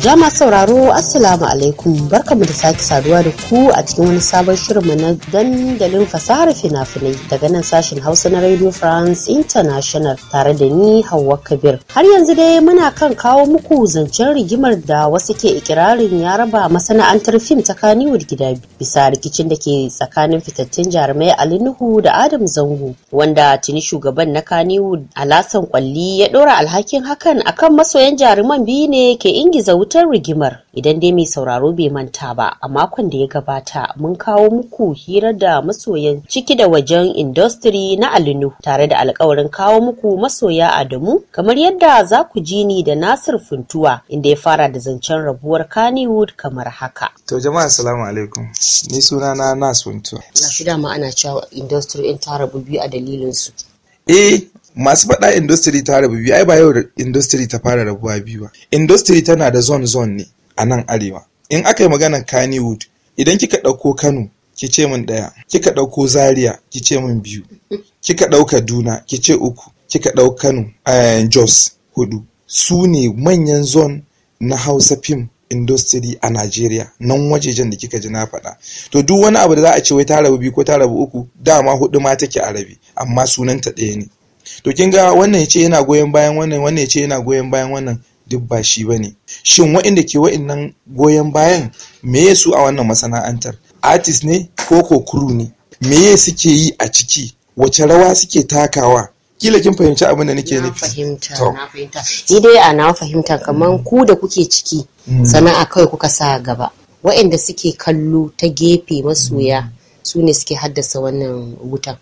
Jama sauraro Assalamu alaikum barkamu da sake saduwa da ku a cikin wani sabon shirin mu na dandalin fasahar fina-finai daga nan sashen Hausa na Radio France International tare da ni Hauwa Kabir. Har yanzu dai muna kan kawo muku zancen rigimar da wasu ke ikirarin ya raba masana'antar fim ta Kaniwood gida bisa rikicin da ke tsakanin fitattun jarumai Ali Nuhu da Adam Zango wanda tuni shugaban na a Alasan Kwalli ya ɗora alhakin hakan akan masoyan jaruman biyu ne ke ingiza wuta wutar rigimar idan dai mai sauraro bai manta ba a makon da ya gabata mun kawo muku hirar da masoyan ciki da wajen industry na alinu tare da alkawarin kawo muku masoya adamu kamar yadda za ku ji ni da nasir funtuwa inda ya fara da zancen rabuwar kannywood kamar haka to jama'a assalamu alaikum ni suna na nas funtuwa na shi dama ana cewa industry in ta rabu biyu a dalilin su eh masu faɗa industry ta rabu biyu ai ba yau industry ta fara rabuwa biyu ba industry tana da zone zone ne a nan arewa in aka yi maganar kannywood idan kika ɗauko kano ki ce min ɗaya kika ɗauko zaria ki ce min biyu kika ɗauka kaduna ki ce uku kika ɗau kano eh, jos hudu su ne manyan zone na hausa fim industry a Najeriya nan wajejen da kika ji na faɗa to duk wani abu da za a ce wai ta rabu biyu ko ta rabu uku dama hudu ma take a rabi amma sunanta ɗaya ne to kin ga wannan yace yana goyon bayan wannan wannan yace yana goyon bayan wannan duk ba shi bane shin waɗanda ke waɗannan goyon bayan me meye su a wannan masana'antar artist ne ko ko crew ne meye suke yi a ciki wace rawa suke takawa kila kin fahimci abin da nake nufi fahimta na fahimta ni dai a na fahimta kaman ku da kuke ciki mm. sana'a kawai kuka sa gaba Wa'inda suke kallo ta gefe masoya mm. su ne suke haddasa wannan wutan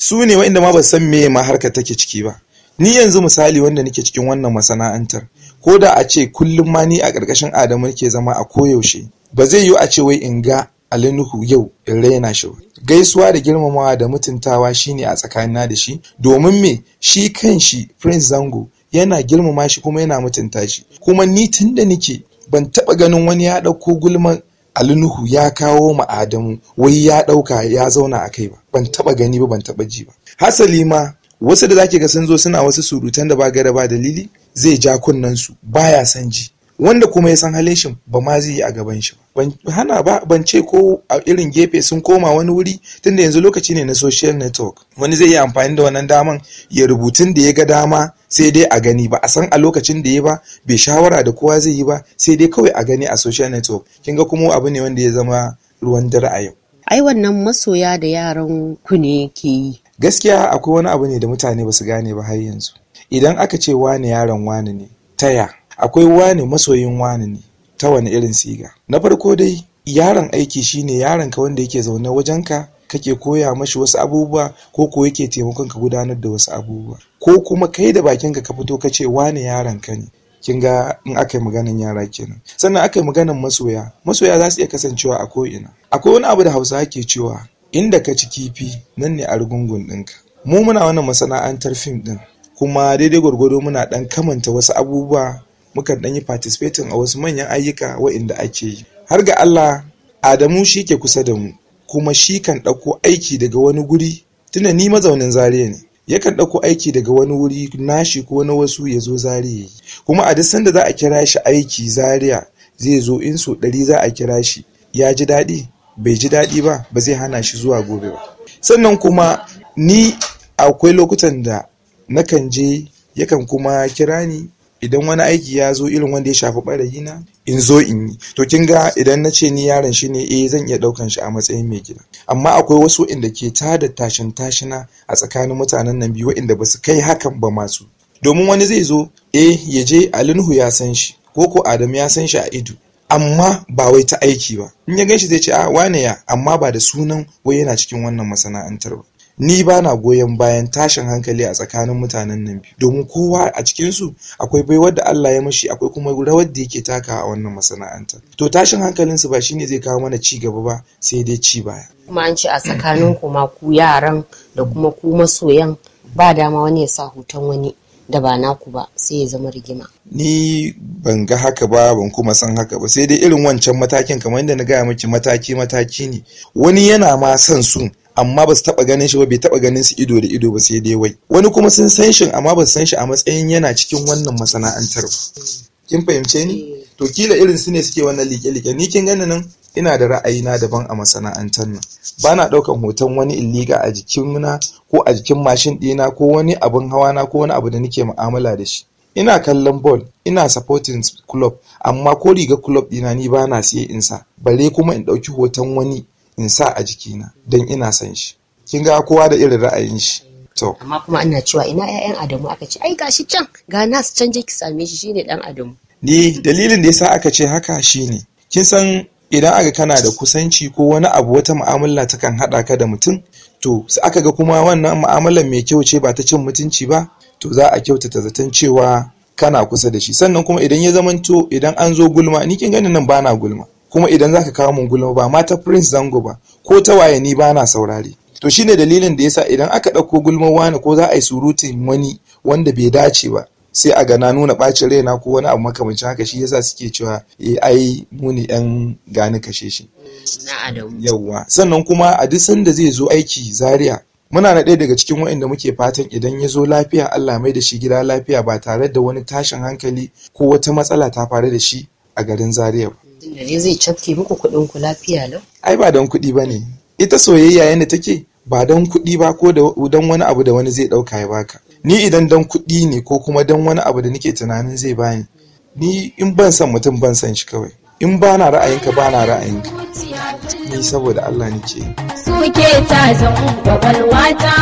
su ne wa'inda ma ba san me ma harka take ciki ba ni yanzu misali wanda nake cikin wannan masana'antar ko da a ce kullum ma ni a ƙarƙashin adamu nake zama a koyaushe ba zai yiwu a ce wai in ga alinuhu yau in raina shi ba. gaisuwa da girmamawa da mutuntawa shine a tsakanina da shi domin me shi kan shi prince zango yana girmama shi kuma yana mutunta shi kuma ni tun da nake ban taɓa ganin wani ya ɗauko gulman Ali Nuhu ya kawo ma Adamu wai ya ɗauka ya zauna a kai ba ban taɓa gani ba ban taɓa ji ba hasali ma wasu da zaki ga sun zo suna wasu surutan da ba gara ba dalili zai ja kunnen su baya son ji wanda kuma ya san halin shi ba ma zai yi a gaban shi ban hana ba ban ce ko a irin gefe sun koma wani wuri tunda yanzu lokaci ne na social network wani zai yi amfani da wannan daman ya rubutun da ya ga dama sai dai a gani ba a san a lokacin da ya ba bai shawara da kowa zai yi ba sai dai kawai a gani a social network kin ga kuma abu ne wanda ya zama ruwan dare a yau ai wannan masoya da yaran ku ne ke yi gaskiya akwai wani abu ne da mutane ba su gane ba har yanzu idan aka ce wane yaron wane ne taya akwai wani masoyin wani ne ta wani irin siga na farko dai yaron aiki shine yaron ka wanda yake zaune wajenka kake koya mashi wasu abubuwa ko ko yake taimakon ka gudanar da wasu abubuwa ko kuma kai da bakinka ka fito ka ce wane yaron ne kin ga in aka yi maganan yara kenan sannan aka yi maganan masoya masoya za su iya kasancewa a ko'ina akwai wani abu da hausa ke cewa inda ka ci kifi nan ne a rugungun ɗinka mu muna wannan masana'antar fim ɗin kuma daidai gwargwado muna ɗan kamanta wasu abubuwa mukan ɗan yi participating a wasu manyan ayyuka wa'inda ake yi har ga Allah Adamu shi ke kusa da mu kuma shi kan ɗauko aiki daga wani guri tuna ni mazaunin zariya ne yakan ɗauko aiki daga wani wuri nashi ko na wasu ya zo zariya kuma a duk sanda za a kira shi aiki zariya zai zo in so ɗari za a kira shi ya ji daɗi bai ji daɗi ba ba zai hana shi zuwa gobe ba sannan kuma ni akwai lokutan da nakan je yakan kuma kira ni idan wani aiki ya zo irin wanda ya shafi ɓarayi na in zo in yi to kin ga idan na ce ni yaron shi ne eh zan iya ɗaukan shi a matsayin mai gida amma akwai wasu inda ke tada tashin tashina a tsakanin mutanen nan biyu inda ba su kai hakan ba masu domin wani zai zo eh ya je alinhu ya san shi ko ko adam ya san shi a ido amma ba wai ta aiki ba in ya ganshi zai ce a ah, wane ya amma ba da sunan wai yana cikin wannan masana'antar ba ni ba na goyon bayan tashin hankali a tsakanin mutanen nan biyu domin kowa a cikinsu akwai baiwar da Allah ya mashi akwai kuma rawar da yake taka a wannan masana'anta to tashin hankalin su ba shine zai kawo mana ci gaba ba sai dai ci baya kuma an ce a tsakanin ku ma ku yaran da kuma ku masoyan ba dama wani ya sa hutan wani da ba naku ba sai ya zama rigima ni ban ga haka ba ban kuma san haka ba sai dai irin wancan matakin kamar yadda na gaya miki mataki mataki ne wani yana ma son su amma ba su taba ganin shi ba bai taba ganin su ido da ido ba sai dai wai wani kuma sun san shi amma ba su san shi a matsayin yana cikin wannan masana'antar ba. kin fahimce ni to kila irin su ne suke wannan like-like ni kin gani nan ina da ra'ayi na daban a masana'antar nan ba na ɗaukan hoton wani illiga a jikina ko a jikin mashin ɗina ko wani abun hawa na ko wani abu da nake mu'amala da shi ina kallon ball ina supporting club amma ko riga club ɗina ni ba na siye sa bare kuma in ɗauki hoton wani in sa a jikina don ina san shi kin ga kowa da irin ra'ayin shi to amma kuma ana cewa ina ƴaƴan Adamu aka ce ai gashi can ga nas can je ki same shi shine dan Adamu ni dalilin da yasa aka ce haka shine kin san idan aka kana da kusanci ko wani abu wata mu'amala ta kan haɗa ka da mutum to sai aka ga kuma wannan mu'amalar mai kyau ce ba ta cin mutunci ba to za a kyautata zaton cewa kana kusa da shi sannan kuma idan ya zamanto idan an zo gulma ni kin ganin nan bana gulma kuma idan zaka kawo mun gulma ba mata ta prince zango ba ko ta waye ni ba na saurare to shine dalilin da yasa idan aka ɗauko gulma wani ko za a yi surutin wani wanda bai dace ba sai a ga na nuna ɓacin raina ko wani abu makamancin haka shi yasa suke cewa "Eh, ai muni ɗan yan gani kashe shi yawwa sannan kuma a duk sanda zai zo aiki zaria muna na ɗaya daga cikin waɗanda muke fatan idan ya zo lafiya Allah mai da shi gida lafiya ba tare da wani tashin hankali ko wata matsala ta faru da shi a garin zaria ba da ne zai cafke muku kuɗin ku lafiya lau? Ai ba don kuɗi ba ne. Ita soyayya yadda take ba don kuɗi ba ko don wani abu da wani zai ɗauka ya baka. Ni idan don kuɗi ne ko kuma don wani abu da nake tunanin zai bani. Ni in ban san mutum ban san shi kawai. In ba na ra'ayinka ba na ra'ayinka. Ni saboda Allah nake. Suke ta zan kwakwalwata.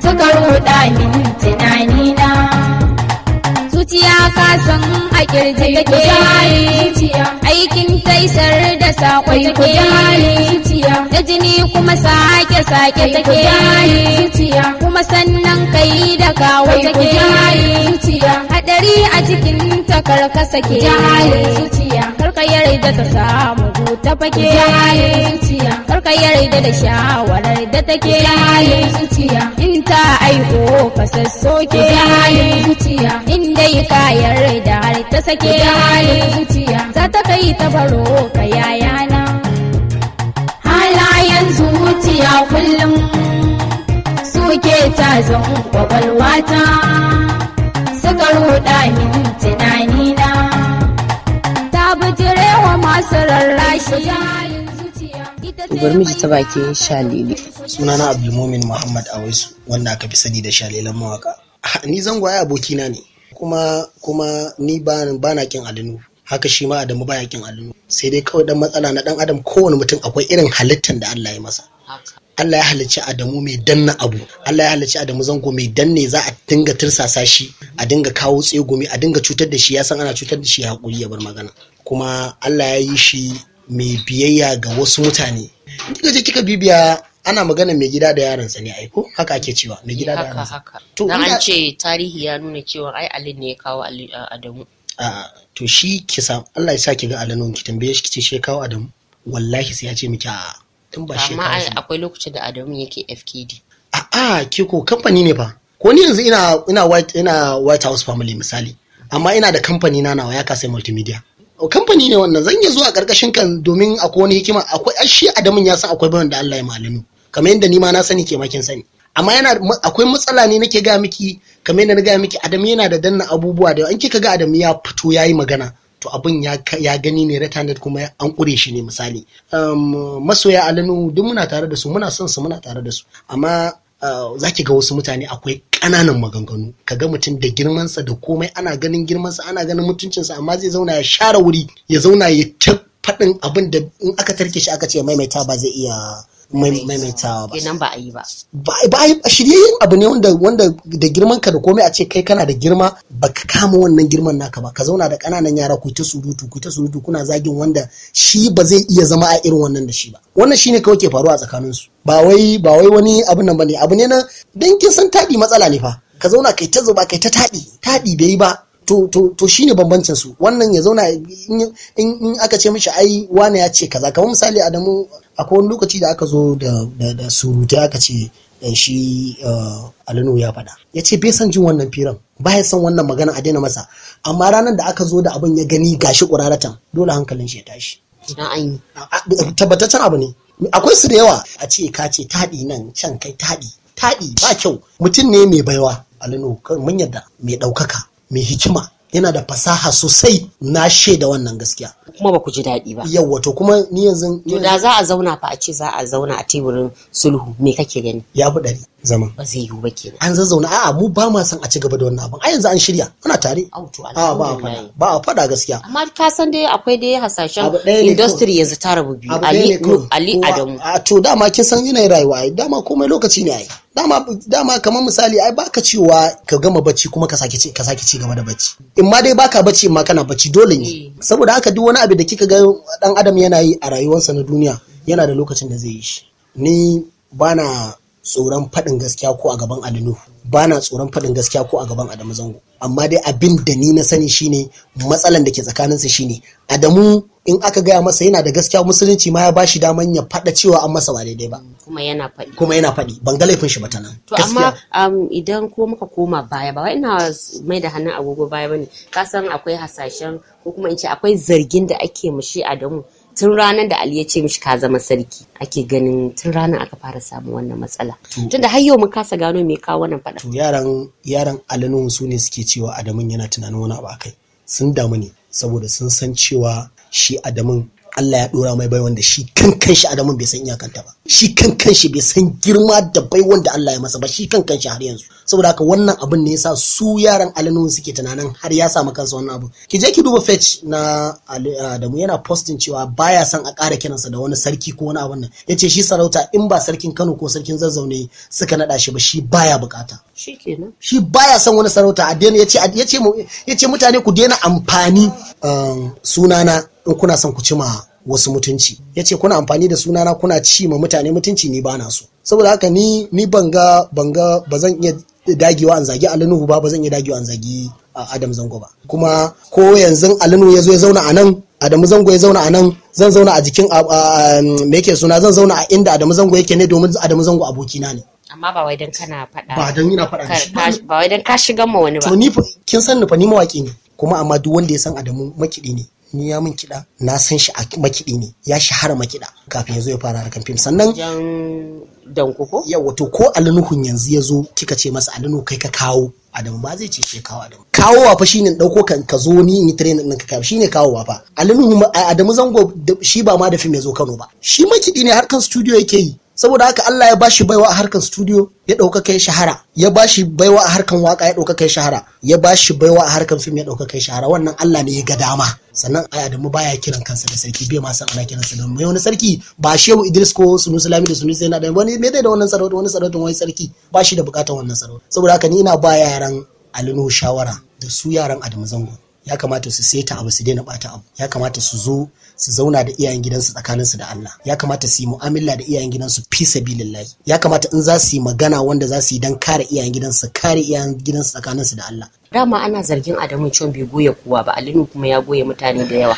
Suka ruɗa min tunanina. zuciya ka san a kirji yake aikin taisar da sakwai ke da jini kuma sake sake take kuma sannan kai da kawai ke hadari a cikin ta karkasa ke karkayar da ta samu ta fake karka yarda da shawarar da take ta aiko fasassoke da halin zuciya yi kayan rai da har ta sake da halin zuciya za ta kai ta baro ka yaya yayana halayen zuciya kullum suke tazan kwakwalwata suka ruɗa min na. ta wa masu rarrashi ubar miji ta baki shalili sunana abdulmumin muhammad awaisu wanda aka fi sani da shalilan mawaka ah, ni zangwaye abokina ne kuma kuma ni ba na kin alinu haka shi ma adamu baya kin alinu sai dai kawai dan matsala na dan adam kowane mutum akwai irin halittar da Allah ya masa Allah ya halicci Adamu mai danna abu Allah ya halicci Adamu zango mai danne za a dinga tirsasa shi a dinga kawo tsegumi a dinga cutar da shi ya san ana cutar da shi hakuri ya bar magana kuma Allah ya yi shi mai biyayya ga wasu mutane kika je kika bibiya ana magana mai gida da yaransa ne aiko haka ake cewa mai gida da yaransa haka to an ce tarihi ya nuna cewa ai Ali ne ya kawo Adamu a to shi ki sa Allah ya sa ki ga Adamu ki tambaye shi kice shi ya kawo Adamu wallahi sai ya ce miki a tun ba shi amma akwai lokacin da Adamu yake FKD a a ko kamfani ne fa ko ni yanzu ina ina white ina White House family misali amma ina da kamfani na nawa ya kasai multimedia kamfani ne wannan zan iya zuwa karkashin kan domin akwai wani hikima akwai ashe adamin ya san akwai bayan da Allah ya malamu kamar yadda ni ma na sani ke makin sani amma yana akwai matsala ne nake ga miki kamar yadda na ga miki adam yana da danna abubuwa da an kika ga adam ya fito yayi magana to abin ya gani ne retarded kuma an kure shi ne misali um, masoya alanu duk muna tare da su muna son su muna tare da su amma uh, za ki ga wasu mutane akwai ƙananan maganganu ka ga mutum da girmansa da komai ana ganin girmansa ana ganin mutuncinsa amma zai zauna ya share wuri ya zauna ya ta faɗin abin da in aka tarke shi aka ce maimaita ba zai iya maimaitawa ba kenan ba a yi ba ba a yi shiryayyen abu ne wanda wanda da girman ka da komai a ce kai kana da girma baka kama wannan girman naka ba ka zauna da kananan yara ku ta surutu ku ta surutu kuna zagin wanda shi ba zai iya zama a irin wannan da shi ba wannan shine kawai ke faruwa a tsakanin su ba wai ba wai wani abu nan bane abu ne na dangin san taɗi matsala ne fa ka zauna kai ta zuba kai ta taɗi taɗi bai yi ba to to to shine bambancin su wannan ya zauna in aka ce mishi ai wane ya ce kaza kamar misali Adamu akwai wani lokaci da aka zo da da surutai aka ce dan eh, shi eh, Alano ya faɗa ya ce bai san jin wannan firan ba ya san wannan magana a daina masa amma ranar da aka zo da abin ya gani gashi kuraratan dole hankalin shi ya tashi tabbataccen abu ne akwai su da yawa a ce ka ce taɗi nan can kai taɗi taɗi ba kyau mutum ne mai baiwa alino mun yadda mai ɗaukaka mai hikima yana da fasaha sosai na shaida wannan gaskiya kuma ba ku ji daɗi ba yawa to kuma ni yanzu to da za a zauna fa a ce za a zauna a teburin sulhu me kake gani ya fi dari zaman ba zai yiwu ba ke an zazzauna a'a mu ba ma san a ci gaba da wannan abin a yanzu an shirya muna tare a ba a ba a fada gaskiya amma ka san dai akwai dai hasashen industry yanzu ta rabu biyu ali ali adamu to dama kin san yanayin rayuwa dama komai lokaci ne ai dama dama kamar misali ai baka cewa ka gama bacci kuma ka sake ka sake ci gaba da bacci in ma dai baka bacci ma kana bacci dole ne eh. saboda haka duk wani abu da kika ga dan adam yana yi a rayuwarsa na duniya yana da lokacin da zai yi shi ni bana tsoron faɗin gaskiya ko a gaban alinuhu ba na tsoron faɗin gaskiya ko a gaban Adamu Zango amma dai abin da ni na sani shine matsalan da ke tsakaninsu shine Adamu in aka gaya masa yana da gaskiya musulunci ma ya ba shi daman ya faɗa cewa an masa ba daidai ba kuma yana faɗi kuma yana faɗi ban ga laifin shi ba ta nan to amma um, idan ko muka koma baya ba ina mai da hannun agogo baya bane ka san akwai hasashen ko kuma in ce akwai zargin da ake mushi Adamu tun ranar da Ali ya ce mishi ka zama sarki ake ganin tun ranar aka fara samun wannan matsala tunda har yau mun kasa gano me kawo wannan faɗa to yaran yaran Ali su ne suke cewa Adamun yana tunanin wani abu akai sun damu ne saboda sun san cewa shi Adamun Allah ya dora mai baiwan da shi kan kanshi Adamun bai san iyakanta ba shi kan kanshi bai san girma da baiwan da Allah ya masa ba shi kan kanshi har yanzu saboda haka wannan abin ne yasa su yaran alinuhun suke tunanin har ya samu kansa wannan abu ki je ki duba fetch na ah, adamu yana postin cewa baya son a ƙara kiransa da wani sarki ko wani abin nan yace shi sarauta in ba sarkin Kano ko sarkin Zazzaune ne suka nada shi ba shi baya bukata shikenan shi baya son wani sarauta a daina yace yace yace mutane ku daina amfani um, sunana in kuna son ku cima wasu mutunci yace kuna amfani da sunana kuna ci ma mutane mutunci ni bana so saboda haka ni ni banga banga ba zan iya dagewa an zagi alinuhu ba ba zan iya dagewa an zagi adam zango ba kuma ko yanzu alinu ya zo ya zauna a nan adamu zango ya zauna a nan zan zauna a jikin me yake suna zan zauna a inda adamu zango yake ne domin adamu zango abokina ne amma ba wai don kana faɗa ba don ina faɗa ba wai don ka shiga ma wani ba to ni kin san ni fa ni mawaki ne kuma amma duk wanda ya san adamu makidi ne ni ya min kiɗa na san shi a makiɗi ne ya shahara makiɗa kafin ya zo ya fara harkar fim sannan danko ko yawa to alinuhun yanzu ya zo kika ce masa alinu kai ka kawo adamu ba zai ce shi kawo adamu kawo fa shine ne ɗauko ka zo ni in yi tare din ka kawo ne kawo wafa alinuhun adamu zango shi ba ma da fim ya zo Kano ba shi makiɗi ne harkan studio yake yi saboda haka Allah ya bashi baiwa a harkar studio ya ɗauka kai shahara ya bashi baiwa a harkar waka ya ɗauka kai shahara ya bashi baiwa a harkar fim ya ɗauka kai shahara wannan Allah ne ya ga dama sannan ai Adamu baya kiran kansa da sarki bai ma san ana kiransa da mai wani sarki ba Shehu Idris ko Sunusi Lami da Sunusi yana da wani me da wannan sarauta wani sarauta wani sarki Bashi da bukatar wannan sarauta saboda haka ni ina ba yaran Alinu shawara da su yaran Adamu Zango ya kamata su seta abu su daina bata abu ya kamata su zo su zauna da iyayen gidansu su da Allah ya kamata su yi mu'amala da iyayen gidansu fi sabilillahi ya kamata in za su yi magana wanda za su yi dan kare iyayen gidansu kare iyayen gidansu su da Allah dama ana zargin Adamu cewa bai goye kowa ba Alinu kuma ya goye mutane da yawa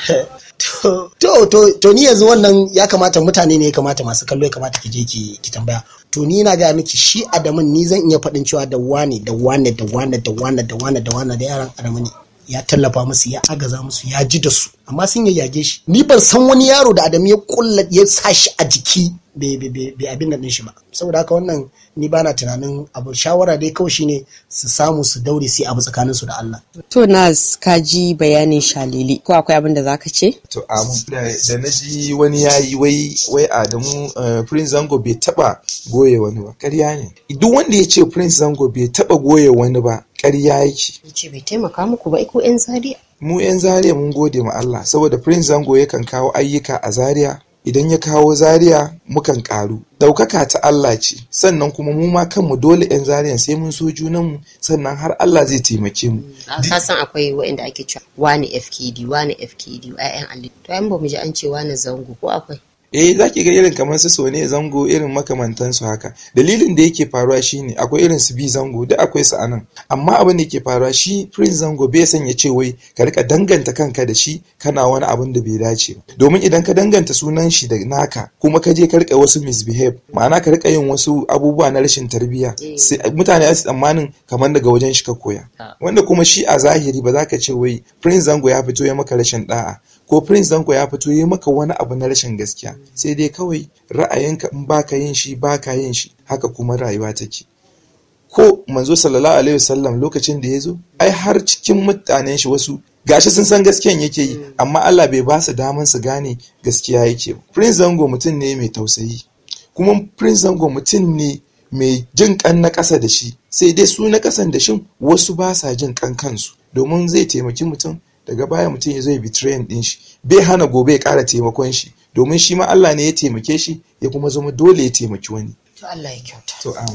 to to to ni yanzu wannan ya kamata mutane ne ya kamata masu kallo ya kamata ki je ki ki tambaya to ni na gaya miki shi Adamu ni zan iya faɗin cewa da wane da wane da wane da wane da wane da wane da yaran Adamu ne ya tallafa musu ya agaza musu ya ji da su amma sun yayyage shi ni ban san wani yaro da adamu ya kulla ya sa shi a jiki bai abin ne shi ba saboda haka wannan ni ba na tunanin abu shawara dai kawai shine su samu su daure sai abu tsakanin su da Allah to nas ka ji bayanin shalili ko akwai abin da zaka ce to da na ji wani yayi wai wai Adamu eh, Prince Zango bai taba goye wani ba ƙarya ne duk wanda ya ce Prince Zango bai taba goye wani ba ƙarya yake ce bai taimaka muku ba ko yan zaria mu yan zaria mun gode ma Allah saboda prince zango yakan kawo ayyuka a zaria idan ya kawo Zariya mukan karu Ɗaukaka ta Allah ce sannan kuma mu ma kanmu dole yan zariyan sai mun so junanmu sannan har Allah zai taimake mu ka san akwai waɗanda ake cewa wani FKD wani FKD ayan Ali to an ba mu ji an ce wani zango ko akwai eh za ki ga irin kamar su sone zango irin makamantansu haka dalilin da yake faruwa shine akwai irin su bi zango da akwai su anan amma abin da yake faruwa shi prince zango bai san ya ce wai ka rika danganta kanka da shi kana wani abin da bai dace ba domin idan ka danganta sunan shi da naka kuma ka je ka rika wasu misbehave ma'ana ka rika yin wasu abubuwa na rashin tarbiyya eh. mutane su tsammanin kamar daga wajen shi ka koya ah. wanda kuma shi a zahiri ba za ka ce wai prince zango ya fito ya maka rashin da'a ko prince ɗanku ya fito yi maka wani abu na rashin gaskiya sai dai kawai ra'ayinka in baka yin shi baka yin shi haka kuma rayuwa take ko manzo sallallahu alaihi wasallam lokacin da ya zo ai har cikin mutanen shi wasu gashi sun san gaskiyan yake yi amma Allah bai ba su daman su gane gaskiya yake ba prince zango mutum ne mai tausayi kuma prince zango mutum ne mai jin kan na ƙasa da shi sai dai su na ƙasan da shin wasu ba sa jin kan kansu domin zai taimaki mutum daga baya mutum ya zo ya betrayin din shi bai hana gobe ya kara taimakon shi domin shi ma Allah ne ya taimake shi ya kuma zama dole ya taimaki wani to Allah ya kyauta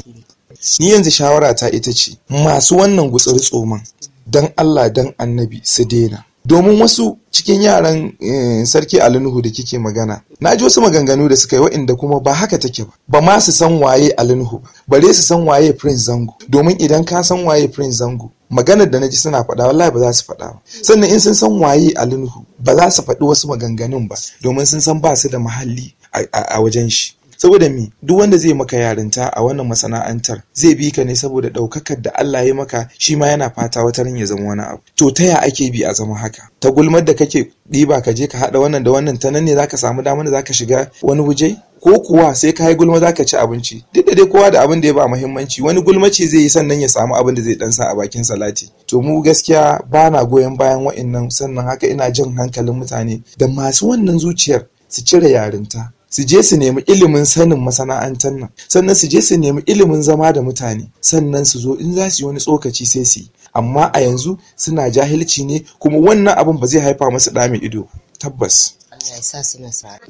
ni yanzu shawara ta ita ce masu wannan gutsuri tsoman dan Allah dan annabi su daina domin wasu cikin yaran eh, sarki alinuhu da kike magana na ji wasu maganganu da suka yi wa'inda kuma ba haka take ba ba ma su san waye alinuhu ba bare su san waye prince zango domin idan ka san waye prince zango maganar da na ji suna faɗa wallahi ba za su faɗa ba sannan in sun san waye a nuhu ba za su faɗi wasu maganganun ba domin sun san ba su da muhalli a wajen shi saboda mi duk wanda zai maka yarinta a wannan masana'antar zai bi ka ne saboda ɗaukakar da Allah ya maka shi ma yana fata wata rin ya zama wani abu to ta ya ake bi a zama haka ta gulmar da kake ɗiba ka je ka haɗa wannan da wannan ta nan ne zaka samu damar da zaka shiga wani wuje ko kuwa sai ka yi gulma zaka ci abinci duk da dai kowa da abin da ya ba muhimmanci wani gulma ce zai yi sannan ya samu abin da zai dan sa a bakin salati to mu gaskiya ba na goyon bayan wa'annan sannan haka ina jin hankalin mutane da masu wannan zuciyar su cire yarinta su je su nemi ilimin sanin masana'antar nan sannan su je su nemi ilimin zama da mutane sannan su zo in za su yi wani tsokaci sai su yi amma a yanzu suna jahilci ne kuma wannan abin ba zai haifa masu ɗa ido tabbas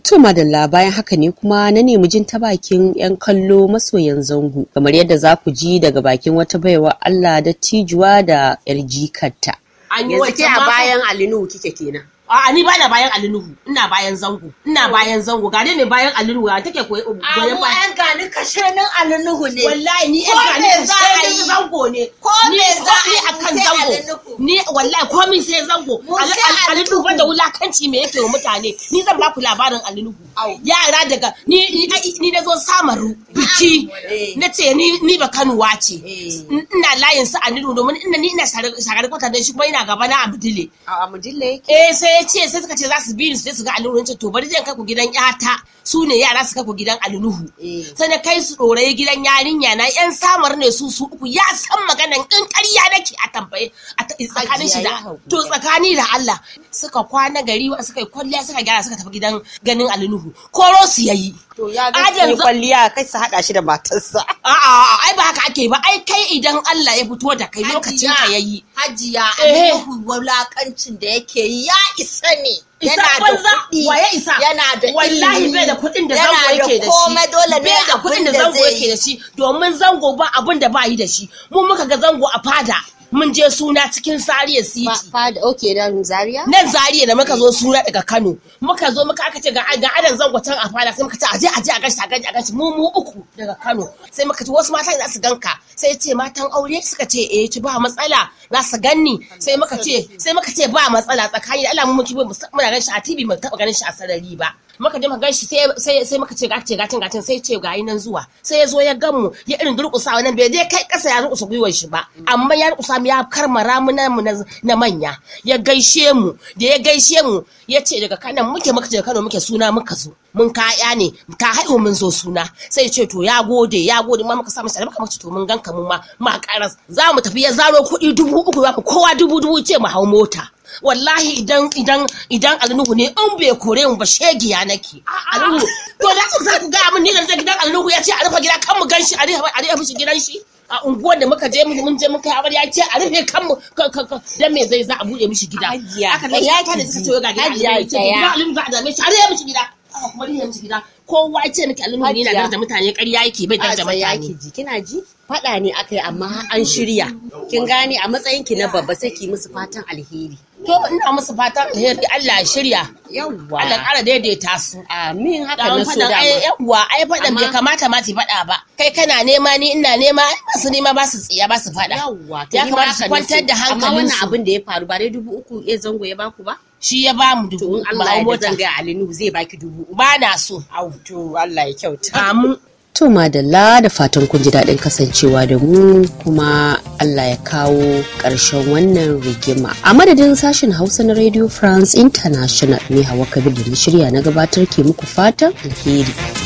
To madalla bayan haka ne kuma na nemi jin ta bakin 'yan kallo masoyan zango kamar yadda za ku ji daga bakin wata baiwa Allah da tijuwa da 'yar jikarta. An yi a bayan Alinu kike kenan. a ni bana bayan alinuhu ina bayan zango ina hmm. bayan zango gare ne bayan alinuhu ya take koyi goyen bayan yan gani kashe nan alinuhu ne wallahi ni yan gani kashe zango ne ko me za a yi akan zango ni wallahi ko min sai zango alinuhu ban da wulakanci me yake wa mutane ni zan ba ku labarin alinuhu yara daga ni ni na zo samaru biki eh. na ce ni ni ba kanuwa wace eh. ina layin su alinuhu domin ina ni ina shagar kwata da shi kuma ina gaba na abdule a abdule eh sai ya ce sai suka ce za su bi ni sai su ga alinuhu ce to bari zan kai ku gidan yata su ne yara su kai ku gidan alinuhu eh. sai na kai su ɗorayi gidan yarinya na yan samar ne su su uku ya san maganan in ƙarya nake a tambaye a tsakanin shi da to tsakani da Allah suka kwana gari suka yi kwalliya suka gyara suka tafi gidan ganin alinuhu koro su yayi to ya ga sai kwalliya kai su hada shi da matarsa a'a ai ba haka ake ba ai kai idan Allah ya fito da kai lokacin ka yayi hajiya eh. alinuhu wulakancin da yake yi ya isa ne yana da kuɗi waye isa yana da wallahi bai da kuɗin da zango yake da shi komai dole ne da kuɗin da zango yake da shi domin zango ba abin da ba yi da shi mu muka ga zango a fada mun je suna cikin Zaria City. Ok, nan Zaria? Nan Zaria da muka zo suna daga Kano. Muka zo muka aka ce ga adan zango can a fada sai muka ce aje aje a gashi a gashi a gashi mu mu uku daga Kano. Sai muka ce wasu matan za su ganka. Sai ce matan aure suka ce eh ci ba matsala za su ganni. Sai muka ce sai muka ce ba matsala tsakani da Allah mu muke muna ganin shi a TV mu taba ganin shi a sarari ba. maka je maka ganshi sai sai sai maka ce gace gacin gacin sai ce ga nan zuwa sai ya zo ya gan mu ya irin durƙusa wannan bai je kai kasa ya durƙusa gwiwar shi ba amma ya durƙusa mu ya karmara mu na manya ya gaishe mu da ya gaishe mu ya ce daga kanan muke maka ce Kano muke suna muka zo mun kaya ne ka haihu mun zo suna sai ce to ya gode ya gode ma muka samu mishi muka ce to mun ganka mu ma ma karas za mu tafi ya zaro kuɗi dubu uku ba kowa dubu dubu ce mu hau mota wallahi idan idan idan alnuhu ne an bai kore mu ba shegiya nake alnuhu to da su za ku ga mun ni da zai gidan alnuhu ya ce a rufe gida kan mu ganshi a rufe a rufe mishi gidan shi a unguwar da muka je mun je muka abar ya ce a rufe kan mu dan me zai za a bude mishi gida aka ne ya ta suka ce ga gida ya ce gidan alnuhu za a dame shi a rufe mishi gida aka kuma riya miki gida kowa ya ce miki alimin yana daraja mutane ƙarya yake bai daraja mutane yake ji kina ji faɗa ne akai amma an shirya kin gane a matsayin ki na babba sai ki musu fatan alheri to ina musu fatan alheri Allah shirya yawwa Allah ƙara daidaita su amin haka na so da yawwa ai faɗan bai kamata ma su faɗa ba kai kana nema ni ina nema ai su nema ba su tsiya ba su faɗa yawwa ya kamata su kwantar da hankalin su. amma wannan abin da ya faru ba dai dubu uku ya zango ya baku ba shi ya ba mu dubu Allah ya zan ga Alinu zai baki dubu ba na so au to Allah ya kyauta to madalla da fatan kun ji daɗin kasancewa da mu kuma Allah ya kawo ƙarshen wannan rigima a madadin sashen hausa na radio france international ne hawa kabir da shirya na gabatar ke muku fatan alheri